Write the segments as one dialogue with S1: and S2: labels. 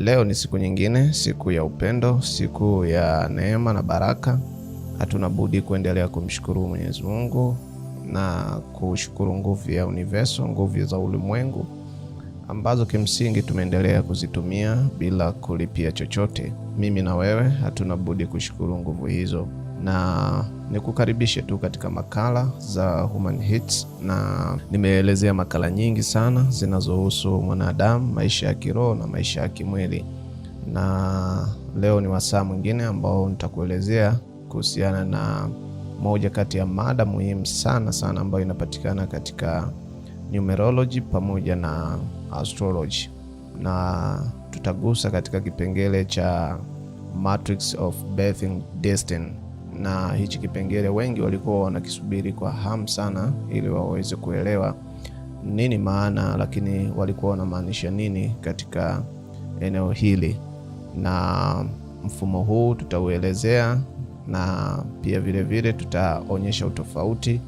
S1: Leo ni siku nyingine, siku ya upendo, siku ya neema na baraka. Hatuna budi kuendelea kumshukuru Mwenyezi Mungu na kushukuru nguvu ya universo, nguvu za ulimwengu ambazo kimsingi tumeendelea kuzitumia bila kulipia chochote. Mimi na wewe hatuna budi kushukuru nguvu hizo na nikukaribishe tu katika makala za Human Hits, na nimeelezea makala nyingi sana zinazohusu mwanadamu, maisha ya kiroho na maisha ya kimwili, na leo ni wasaa mwingine ambao nitakuelezea kuhusiana na moja kati ya mada muhimu sana sana ambayo inapatikana katika numerology pamoja na astrology, na tutagusa katika kipengele cha Matrix of Birth Destiny na hichi kipengele wengi walikuwa wanakisubiri kwa hamu sana, ili waweze kuelewa nini maana, lakini walikuwa wanamaanisha nini katika eneo hili. Na mfumo huu tutauelezea, na pia vilevile tutaonyesha utofauti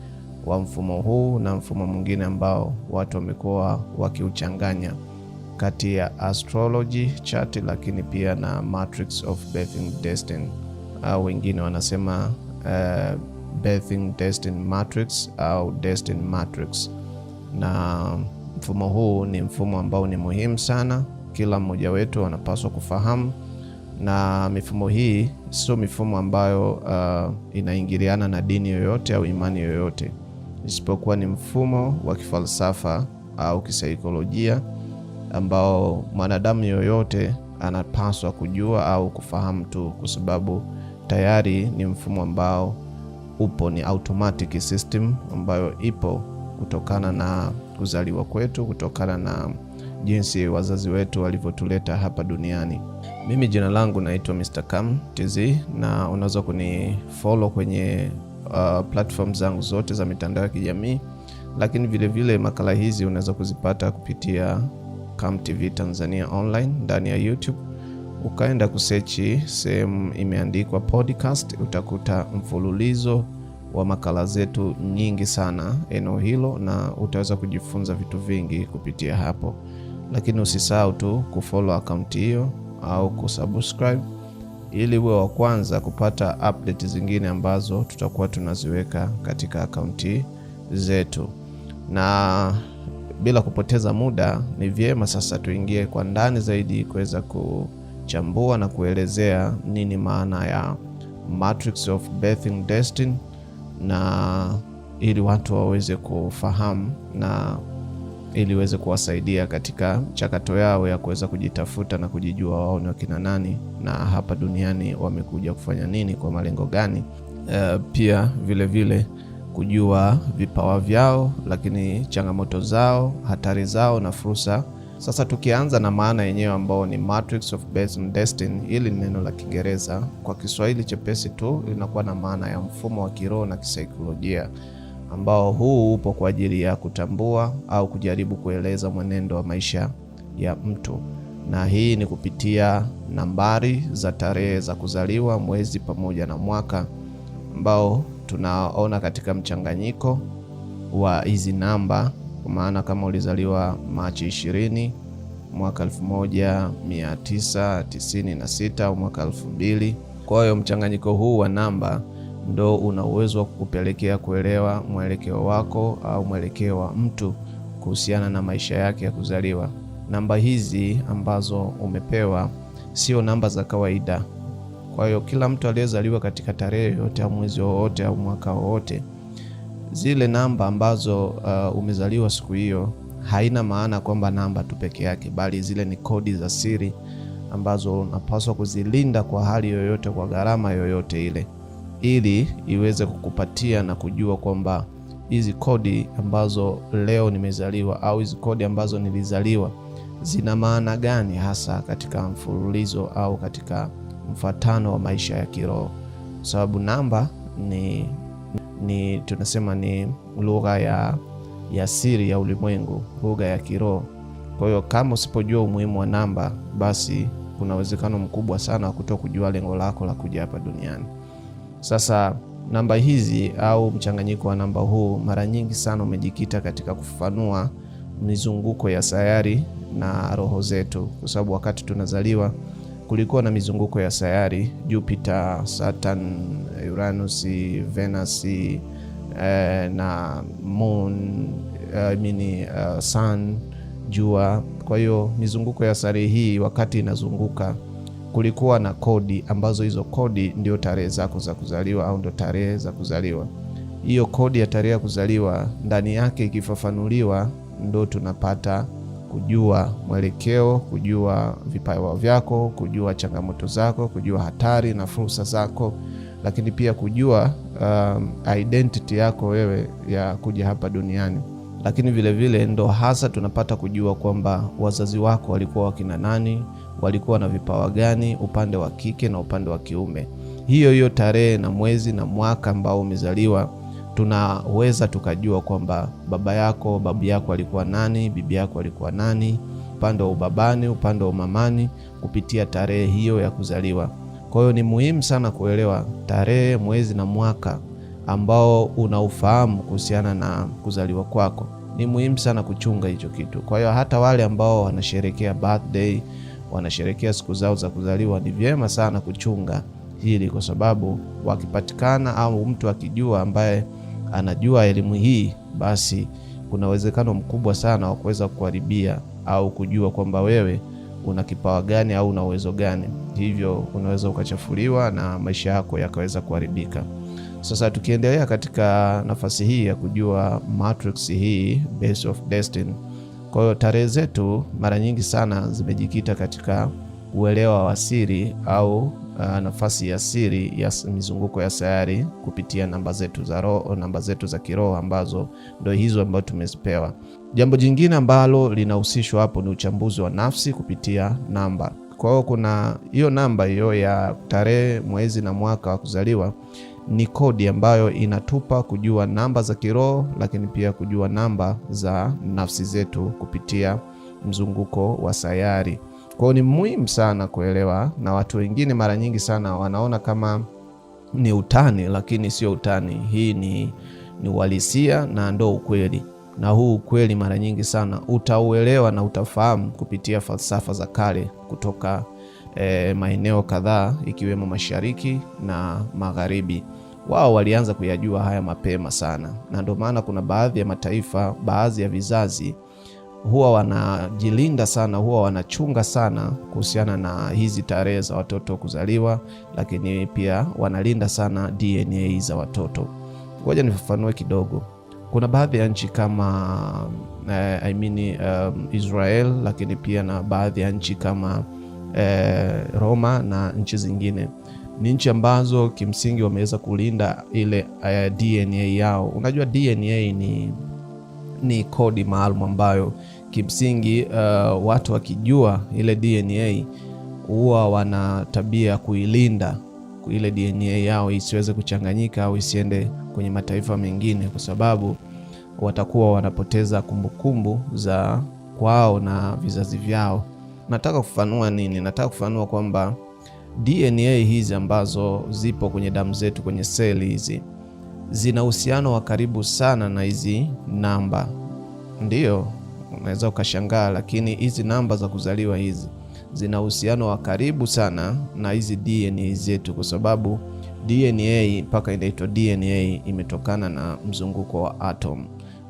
S1: wa mfumo huu na mfumo mwingine ambao watu wamekuwa wakiuchanganya kati ya astrology chart, lakini pia na matrix of birth destiny au wengine wanasema uh, eh, Bething Destin Matrix au Destin Matrix. Na mfumo huu ni mfumo ambao ni muhimu sana, kila mmoja wetu anapaswa kufahamu, na mifumo hii sio mifumo ambayo uh, inaingiliana na dini yoyote au imani yoyote, isipokuwa ni mfumo wa kifalsafa au kisaikolojia ambao mwanadamu yoyote anapaswa kujua au kufahamu tu, kwa sababu tayari ni mfumo ambao upo, ni automatic system ambayo ipo kutokana na kuzaliwa kwetu, kutokana na jinsi wazazi wetu walivyotuleta hapa duniani. Mimi jina langu naitwa Mr. Kam TZ na unaweza kunifollow kwenye uh, platform zangu zote za mitandao ya kijamii, lakini vilevile vile makala hizi unaweza kuzipata kupitia Kam TV Tanzania online ndani ya YouTube ukaenda kusechi sehemu imeandikwa podcast, utakuta mfululizo wa makala zetu nyingi sana eneo hilo, na utaweza kujifunza vitu vingi kupitia hapo. Lakini usisahau tu kufollow akaunti hiyo au kusubscribe ili uwe wa kwanza kupata update zingine ambazo tutakuwa tunaziweka katika akaunti zetu. Na bila kupoteza muda, ni vyema sasa tuingie kwa ndani zaidi kuweza ku kuchambua na kuelezea nini maana ya Matrix of Birth Destiny, na ili watu waweze kufahamu na ili iweze kuwasaidia katika mchakato yao ya kuweza kujitafuta na kujijua wao ni wakina nani na hapa duniani wamekuja kufanya nini, kwa malengo gani. Uh, pia vilevile vile kujua vipawa vyao, lakini changamoto zao, hatari zao na fursa sasa tukianza na maana yenyewe ambao ni matrix of Based on Destiny, hili ni neno la Kiingereza. Kwa Kiswahili chepesi tu linakuwa na maana ya mfumo wa kiroho na kisaikolojia ambao huu upo kwa ajili ya kutambua au kujaribu kueleza mwenendo wa maisha ya mtu, na hii ni kupitia nambari za tarehe za kuzaliwa, mwezi pamoja na mwaka ambao tunaona katika mchanganyiko wa hizi namba maana kama ulizaliwa Machi 20 mwaka 1996 au mwaka 2000. Kwa hiyo mchanganyiko huu wa namba ndo una uwezo wa kukupelekea kuelewa mwelekeo wako au mwelekeo wa mtu kuhusiana na maisha yake ya kuzaliwa. Namba hizi ambazo umepewa sio namba za kawaida. Kwa hiyo kila mtu aliyezaliwa katika tarehe yoyote au mwezi wowote au mwaka wowote zile namba ambazo uh, umezaliwa siku hiyo, haina maana kwamba namba tu peke yake, bali zile ni kodi za siri ambazo unapaswa kuzilinda kwa hali yoyote, kwa gharama yoyote ile, ili iweze kukupatia na kujua kwamba hizi kodi ambazo leo nimezaliwa au hizi kodi ambazo nilizaliwa zina maana gani hasa katika mfululizo au katika mfatano wa maisha ya kiroho, sababu namba ni ni tunasema ni lugha ya, ya siri ya ulimwengu, lugha ya kiroho. Kwa hiyo kama usipojua umuhimu wa namba, basi kuna uwezekano mkubwa sana wa kuto kujua lengo lako la kuja hapa duniani. Sasa namba hizi au mchanganyiko wa namba huu mara nyingi sana umejikita katika kufafanua mizunguko ya sayari na roho zetu, kwa sababu wakati tunazaliwa kulikuwa na mizunguko ya sayari Jupiter, Saturn, Uranus, Venus eh, na moon eh, mini, uh, eh, sun, jua. Kwa hiyo mizunguko ya sayari hii wakati inazunguka kulikuwa na kodi ambazo hizo kodi ndio tarehe zako za kuzaliwa au ndio tarehe za kuzaliwa. Hiyo kodi ya tarehe ya kuzaliwa ndani yake ikifafanuliwa, ndo tunapata kujua mwelekeo, kujua vipawa vyako, kujua changamoto zako, kujua hatari na fursa zako, lakini pia kujua um, identity yako wewe ya kuja hapa duniani. Lakini vilevile vile, ndo hasa tunapata kujua kwamba wazazi wako walikuwa wakina nani, walikuwa na vipawa gani upande wa kike na upande wa kiume. Hiyo hiyo tarehe na mwezi na mwaka ambao umezaliwa tunaweza tukajua kwamba baba yako babu yako alikuwa nani, bibi yako alikuwa nani, upande wa ubabani, upande wa umamani, kupitia tarehe hiyo ya kuzaliwa. Kwa hiyo ni muhimu sana kuelewa tarehe, mwezi na mwaka ambao unaufahamu kuhusiana na kuzaliwa kwako. Ni muhimu sana kuchunga hicho kitu. Kwa hiyo hata wale ambao wanasherekea birthday, wanasherekea siku zao za kuzaliwa, ni vyema sana kuchunga hili, kwa sababu wakipatikana au mtu akijua ambaye anajua elimu hii, basi kuna uwezekano mkubwa sana wa kuweza kuharibia au kujua kwamba wewe una kipawa gani au una uwezo gani, hivyo unaweza ukachafuliwa na maisha yako yakaweza kuharibika. Sasa tukiendelea katika nafasi hii ya kujua matrix hii base of destiny. Kwa hiyo tarehe zetu mara nyingi sana zimejikita katika uelewa wa siri au uh, nafasi ya siri ya mizunguko ya sayari kupitia namba zetu za roho, namba zetu za kiroho ambazo ndio hizo ambazo tumezipewa. Jambo jingine ambalo linahusishwa hapo ni uchambuzi wa nafsi kupitia namba. Kwa hiyo kuna hiyo namba hiyo ya tarehe, mwezi na mwaka wa kuzaliwa ni kodi ambayo inatupa kujua namba za kiroho, lakini pia kujua namba za nafsi zetu kupitia mzunguko wa sayari. Kwa ni muhimu sana kuelewa, na watu wengine mara nyingi sana wanaona kama ni utani, lakini sio utani. Hii ni, ni uhalisia na ndo ukweli, na huu ukweli mara nyingi sana utauelewa na utafahamu kupitia falsafa za kale kutoka e, maeneo kadhaa ikiwemo mashariki na magharibi. Wao walianza kuyajua haya mapema sana, na ndio maana kuna baadhi ya mataifa, baadhi ya vizazi huwa wanajilinda sana, huwa wanachunga sana kuhusiana na hizi tarehe za watoto kuzaliwa, lakini pia wanalinda sana DNA za watoto. Ngoja nifafanue kidogo. Kuna baadhi ya nchi kama eh, I mean, um, Israel lakini pia na baadhi ya nchi kama eh, Roma na nchi zingine ni nchi ambazo kimsingi wameweza kulinda ile eh, DNA yao. Unajua DNA ni ni kodi maalum ambayo kimsingi uh, watu wakijua ile DNA huwa wana tabia kuilinda ile DNA yao isiweze kuchanganyika au isiende kwenye mataifa mengine, kwa sababu watakuwa wanapoteza kumbukumbu kumbu za kwao na vizazi vyao. Nataka kufanua nini? Nataka kufanua kwamba DNA hizi ambazo zipo kwenye damu zetu, kwenye seli hizi, zina uhusiano wa karibu sana na hizi namba, ndiyo Unaweza ukashangaa, lakini hizi namba za kuzaliwa hizi zina uhusiano wa karibu sana na hizi DNA zetu, kwa sababu DNA mpaka inaitwa DNA imetokana na mzunguko wa atom,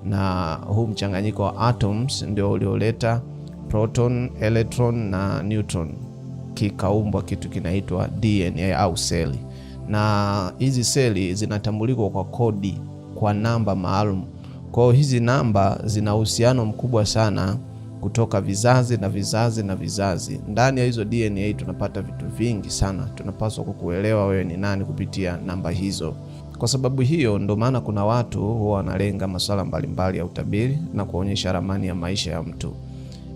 S1: na huu mchanganyiko wa atoms ndio ulioleta proton, electron na neutron, kikaumbwa kitu kinaitwa DNA au seli, na hizi seli zinatambulikwa kwa kodi, kwa namba maalum kwa hizi namba zina uhusiano mkubwa sana kutoka vizazi na vizazi na vizazi. Ndani ya hizo DNA tunapata vitu vingi sana. Tunapaswa kukuelewa wewe ni nani kupitia namba hizo. Kwa sababu hiyo ndo maana kuna watu huwa wanalenga masuala mbalimbali ya utabiri na kuonyesha ramani ya maisha ya mtu,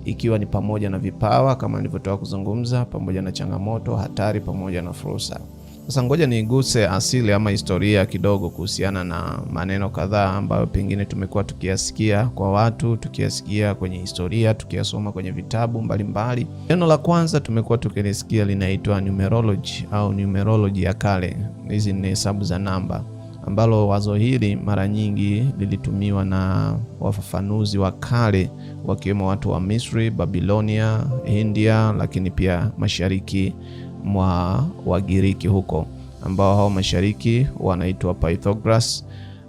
S1: ikiwa ni pamoja na vipawa kama nilivyotoa kuzungumza, pamoja na changamoto, hatari pamoja na fursa. Sasa ngoja niiguse asili ama historia kidogo kuhusiana na maneno kadhaa ambayo pengine tumekuwa tukiyasikia kwa watu, tukiyasikia kwenye historia, tukiyasoma kwenye vitabu mbalimbali. Neno la kwanza tumekuwa tukilisikia linaitwa numerology au numerology ya kale. Hizi ni hesabu za namba, ambalo wazo hili mara nyingi lilitumiwa na wafafanuzi wa kale wakiwemo watu wa Misri, Babilonia, India, lakini pia Mashariki mwa Wagiriki huko, ambao hao mashariki wanaitwa Pythagoras,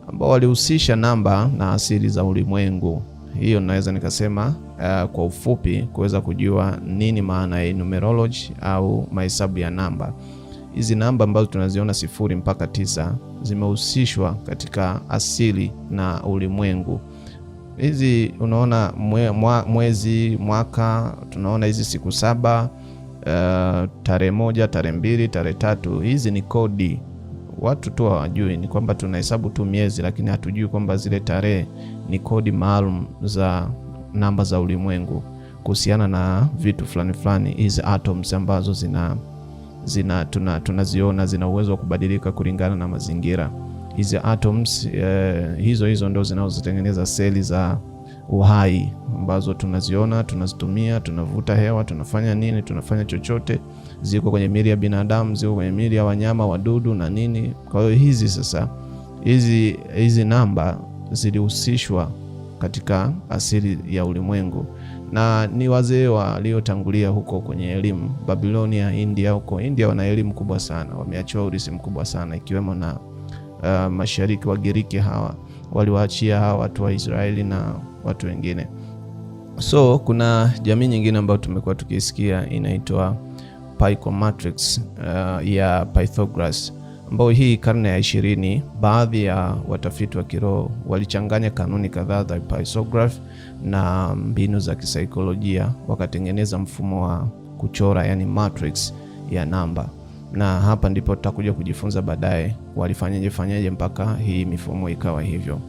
S1: ambao walihusisha namba na asili za ulimwengu. Hiyo naweza nikasema uh, kwa ufupi kuweza kujua nini maana ya numerology au mahesabu ya namba. Hizi namba ambazo tunaziona sifuri mpaka tisa zimehusishwa katika asili na ulimwengu. Hizi unaona mwe, mwa, mwezi mwaka tunaona hizi siku saba uh, tarehe moja, tarehe mbili, tarehe tatu. Hizi ni kodi, watu tu hawajui. Ni kwamba tunahesabu tu miezi, lakini hatujui kwamba zile tarehe ni kodi maalum za namba za ulimwengu kuhusiana na vitu fulani fulani, hizi atoms ambazo zina zina tunaziona tuna zina uwezo wa kubadilika kulingana na mazingira. Hizi atoms eh, hizo hizo ndio zinazotengeneza seli za uhai ambazo tunaziona, tunazitumia, tunavuta hewa, tunafanya nini, tunafanya chochote. Ziko kwenye miili ya binadamu, ziko kwenye miili ya wanyama, wadudu na nini. Kwa hiyo hizi sasa, hizi hizi namba zilihusishwa katika asili ya ulimwengu na ni wazee waliotangulia huko kwenye elimu Babilonia, India. Huko India wana elimu kubwa sana, wameachiwa urithi mkubwa sana ikiwemo na uh, mashariki wa Giriki hawa waliwaachia hawa watu wa Israeli na watu wengine. So kuna jamii nyingine ambayo tumekuwa tukisikia inaitwa Pychomatrix uh, ya pythogras ambayo hii karne ya ishirini, baadhi ya watafiti wa kiroho walichanganya kanuni kadhaa za Pythagoras na mbinu za kisaikolojia, wakatengeneza mfumo wa kuchora, yani matrix ya namba, na hapa ndipo tutakuja kujifunza baadaye walifanyaje fanyaje mpaka hii mifumo ikawa hivyo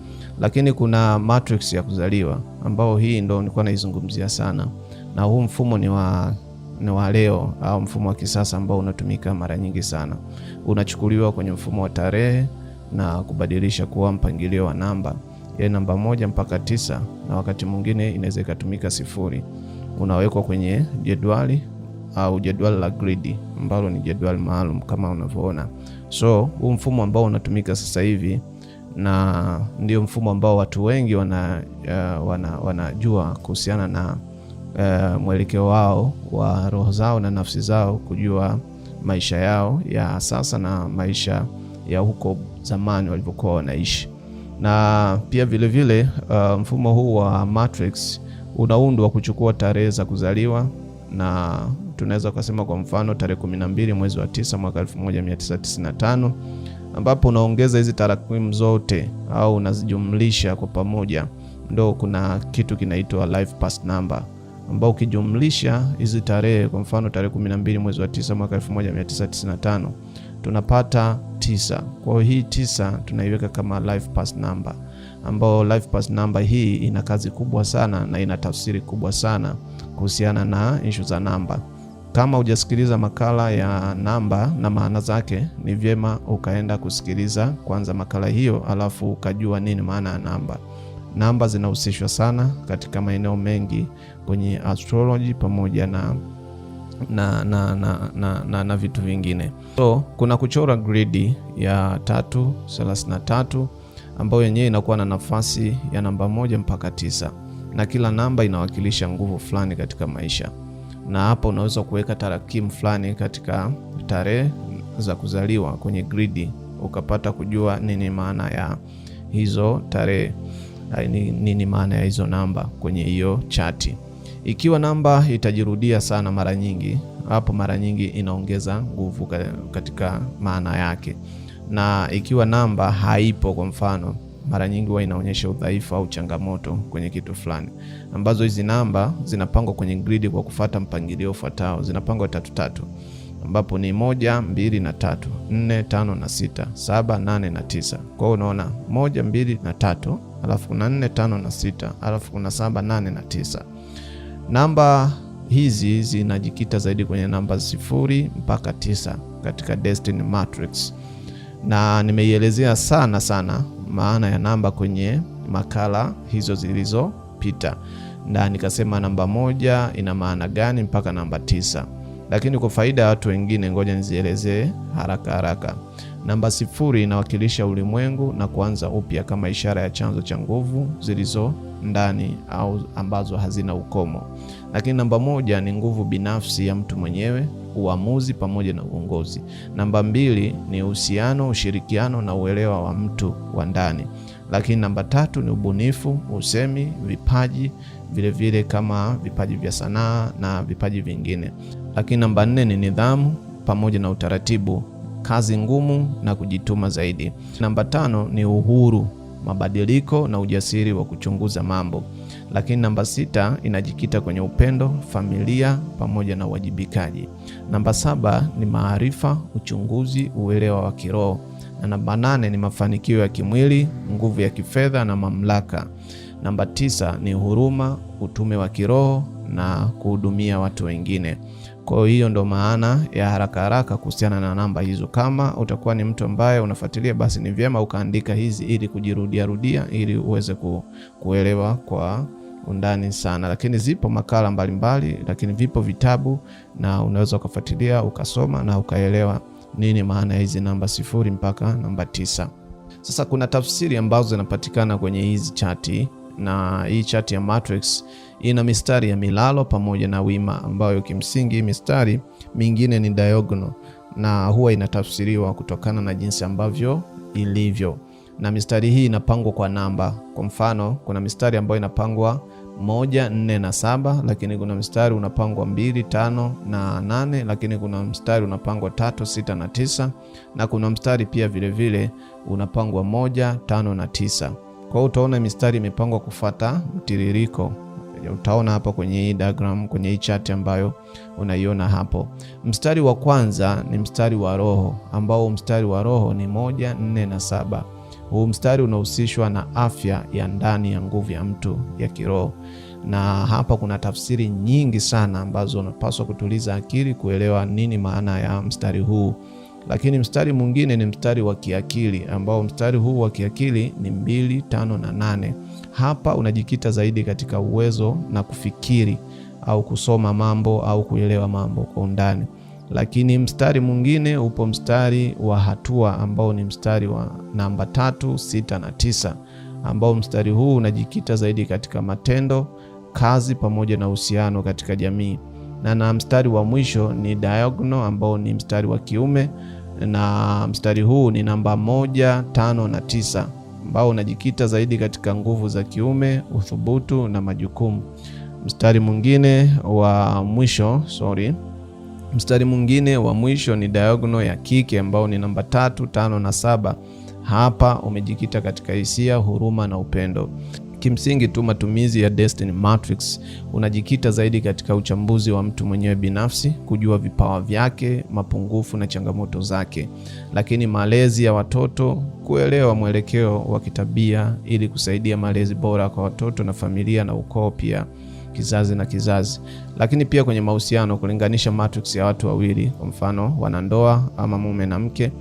S1: lakini kuna matrix ya kuzaliwa ambao hii ndo nilikuwa naizungumzia sana, na huu mfumo ni wa ni wa leo au mfumo wa kisasa ambao unatumika mara nyingi sana. Unachukuliwa kwenye mfumo wa tarehe na kubadilisha kuwa mpangilio wa namba ya namba moja mpaka tisa, na wakati mwingine inaweza ikatumika sifuri. Unawekwa kwenye jedwali au jedwali la gridi ambalo ni jedwali maalum kama unavyoona. So huu mfumo ambao unatumika sasa hivi na ndio mfumo ambao watu wengi wana, uh, wana, wanajua kuhusiana na uh, mwelekeo wao wa roho zao na nafsi zao, kujua maisha yao ya sasa na maisha ya huko zamani walivyokuwa wanaishi. Na pia vilevile vile, uh, mfumo huu wa matrix unaundwa kuchukua tarehe za kuzaliwa na tunaweza kusema kwa mfano tarehe 12 mwezi wa 9 mwaka 1995 ambapo unaongeza hizi tarakimu zote au unazijumlisha kwa pamoja, ndo kuna kitu kinaitwa life pass number, ambao ukijumlisha hizi tarehe, kwa mfano tarehe 12 mwezi wa 9 mwaka 1995 tunapata tisa. Kwa hiyo hii tisa tunaiweka kama life pass number, ambao life pass number hii ina kazi kubwa sana na ina tafsiri kubwa sana kuhusiana na issue za namba. Kama hujasikiliza makala ya namba na maana zake, ni vyema ukaenda kusikiliza kwanza makala hiyo, alafu ukajua nini maana ya namba. Namba zinahusishwa sana katika maeneo mengi kwenye astroloji pamoja na na, na, na, na, na, na vitu vingine. So kuna kuchora gridi ya tatu thelathini na tatu ambayo yenyewe inakuwa na nafasi ya namba moja mpaka tisa na kila namba inawakilisha nguvu fulani katika maisha na hapo unaweza kuweka tarakimu fulani katika tarehe za kuzaliwa kwenye gridi, ukapata kujua nini maana ya hizo tarehe, nini maana ya hizo namba kwenye hiyo chati. Ikiwa namba itajirudia sana mara nyingi, hapo mara nyingi inaongeza nguvu katika maana yake, na ikiwa namba haipo, kwa mfano mara nyingi huwa inaonyesha udhaifu au changamoto kwenye kitu fulani, ambazo hizi namba zinapangwa kwenye gridi kwa kufata mpangilio ufuatao. Zinapangwa tatu tatu, ambapo ni moja, mbili na tatu, nne, tano na sita, saba, nane na tisa. Kwa hiyo unaona moja, mbili na tatu, alafu kuna nne, tano na sita, alafu kuna saba, nane na tisa. Namba hizi zinajikita zaidi kwenye namba sifuri mpaka tisa katika Destiny Matrix na nimeielezea sana sana maana ya namba kwenye makala hizo zilizopita, na nikasema namba moja ina maana gani mpaka namba tisa. Lakini kwa faida ya watu wengine, ngoja nizielezee haraka haraka. Namba sifuri inawakilisha ulimwengu na kuanza upya kama ishara ya chanzo cha nguvu zilizo ndani au ambazo hazina ukomo. Lakini namba moja ni nguvu binafsi ya mtu mwenyewe, uamuzi pamoja na uongozi. Namba mbili ni uhusiano, ushirikiano na uelewa wa mtu wa ndani. Lakini namba tatu ni ubunifu, usemi, vipaji vilevile vile kama vipaji vya sanaa na vipaji vingine. Lakini namba nne ni nidhamu pamoja na utaratibu, kazi ngumu na kujituma zaidi. Namba tano ni uhuru mabadiliko na ujasiri wa kuchunguza mambo. Lakini namba sita inajikita kwenye upendo, familia pamoja na uwajibikaji. Namba saba ni maarifa, uchunguzi, uelewa wa kiroho, na namba nane ni mafanikio ya kimwili, nguvu ya kifedha na mamlaka. Namba tisa ni huruma, utume wa kiroho na kuhudumia watu wengine. Kwa hiyo ndo maana ya haraka haraka kuhusiana na namba hizo. Kama utakuwa ni mtu ambaye unafuatilia, basi ni vyema ukaandika hizi ili kujirudia rudia, ili uweze ku, kuelewa kwa undani sana. Lakini zipo makala mbalimbali mbali, lakini vipo vitabu na unaweza ukafuatilia ukasoma na ukaelewa nini maana ya hizi namba sifuri mpaka namba tisa. Sasa kuna tafsiri ambazo zinapatikana kwenye hizi chati na hii chati ya matrix ina mistari ya milalo pamoja na wima, ambayo kimsingi mistari mingine ni diagonal na huwa inatafsiriwa kutokana na jinsi ambavyo ilivyo, na mistari hii inapangwa kwa namba. Kwa mfano, kuna mistari ambayo inapangwa moja, nne na saba, lakini kuna mstari unapangwa mbili, tano na nane, lakini kuna mstari unapangwa tatu, sita na tisa, na kuna mstari pia vilevile vile unapangwa moja, tano na tisa. Kwa hiyo utaona mistari imepangwa kufata mtiririko moja. Utaona hapa kwenye hii diagram, kwenye hii chart ambayo unaiona hapo, mstari wa kwanza ni mstari wa roho, ambao mstari wa roho ni moja nne na saba. Huu mstari unahusishwa na afya ya ndani ya nguvu ya mtu ya kiroho, na hapa kuna tafsiri nyingi sana ambazo unapaswa kutuliza akili kuelewa nini maana ya mstari huu. Lakini mstari mwingine ni mstari wa kiakili, ambao mstari huu wa kiakili ni mbili tano na nane hapa unajikita zaidi katika uwezo na kufikiri au kusoma mambo au kuelewa mambo kwa undani. Lakini mstari mwingine upo mstari wa hatua ambao ni mstari wa namba tatu, sita na tisa, ambao mstari huu unajikita zaidi katika matendo, kazi pamoja na uhusiano katika jamii, na na mstari wa mwisho ni diagonal ambao ni mstari wa kiume, na mstari huu ni namba moja, tano na tisa ambao unajikita zaidi katika nguvu za kiume, uthubutu na majukumu. Mstari mwingine wa mwisho sorry, mstari mwingine wa mwisho ni diagonal ya kike ambao ni namba tatu, tano na saba. Hapa umejikita katika hisia, huruma na upendo kimsingi tu matumizi ya Destiny Matrix unajikita zaidi katika uchambuzi wa mtu mwenyewe binafsi, kujua vipawa vyake, mapungufu na changamoto zake, lakini malezi ya watoto, kuelewa mwelekeo wa kitabia ili kusaidia malezi bora kwa watoto na familia na ukoo pia kizazi na kizazi, lakini pia kwenye mahusiano, kulinganisha matrix ya watu wawili, kwa mfano wanandoa ama mume na mke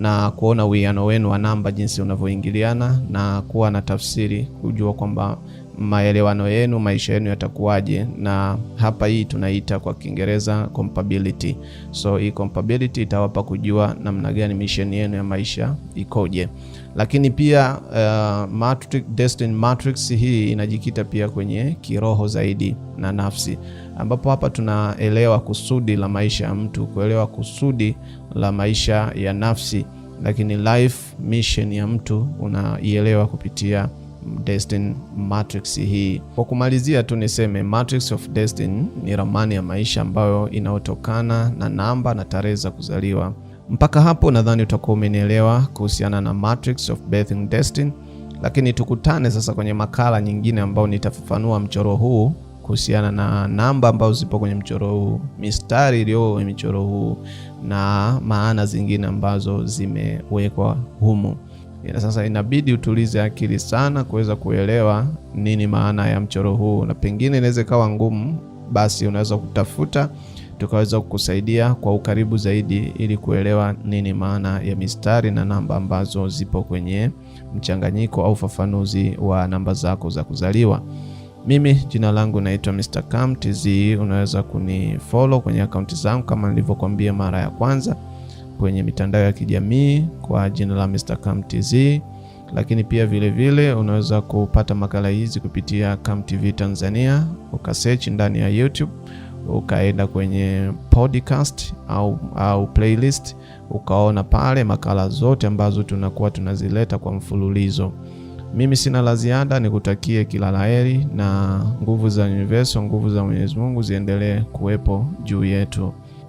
S1: na kuona uwiano wenu wa namba jinsi unavyoingiliana na kuwa na tafsiri, kujua kwamba maelewano yenu, maisha yenu yatakuwaje. Na hapa hii tunaita kwa Kiingereza compatibility. So hii compatibility itawapa kujua namna gani mission yenu ya maisha ikoje, lakini pia uh, matrix, destiny matrix hii inajikita pia kwenye kiroho zaidi na nafsi, ambapo hapa tunaelewa kusudi la maisha ya mtu, kuelewa kusudi la maisha ya nafsi, lakini life mission ya mtu unaielewa kupitia Destiny Matrix hii. Kwa kumalizia tu niseme Matrix of Destiny ni ramani ya maisha ambayo inayotokana na namba na tarehe za kuzaliwa. Mpaka hapo nadhani utakuwa umenielewa kuhusiana na Matrix of Birth and Destiny, lakini tukutane sasa kwenye makala nyingine ambayo nitafafanua mchoro huu kuhusiana na namba ambazo zipo kwenye mchoro huu, mistari iliyo kwenye mchoro huu na maana zingine ambazo zimewekwa humu. Ila sasa inabidi utulize akili sana kuweza kuelewa nini maana ya mchoro huu, na pengine inaweza ikawa ngumu, basi unaweza kutafuta tukaweza kukusaidia kwa ukaribu zaidi ili kuelewa nini maana ya mistari na namba ambazo zipo kwenye mchanganyiko au ufafanuzi wa namba zako za kuzaliwa. Mimi jina langu naitwa Mr. Cam TZ. E, unaweza kunifollow kwenye akaunti zangu kama nilivyokuambia mara ya kwanza kwenye mitandao ya kijamii kwa jina la Mr. Cam TZ, e. lakini pia vile vile, unaweza kupata makala hizi kupitia Kam TV Tanzania, ukasearch ndani ya YouTube ukaenda kwenye podcast au, au playlist ukaona pale makala zote ambazo tunakuwa tunazileta kwa mfululizo. Mimi sina la ziada, nikutakie kila laheri na nguvu za universe, nguvu za Mwenyezi Mungu ziendelee kuwepo juu yetu.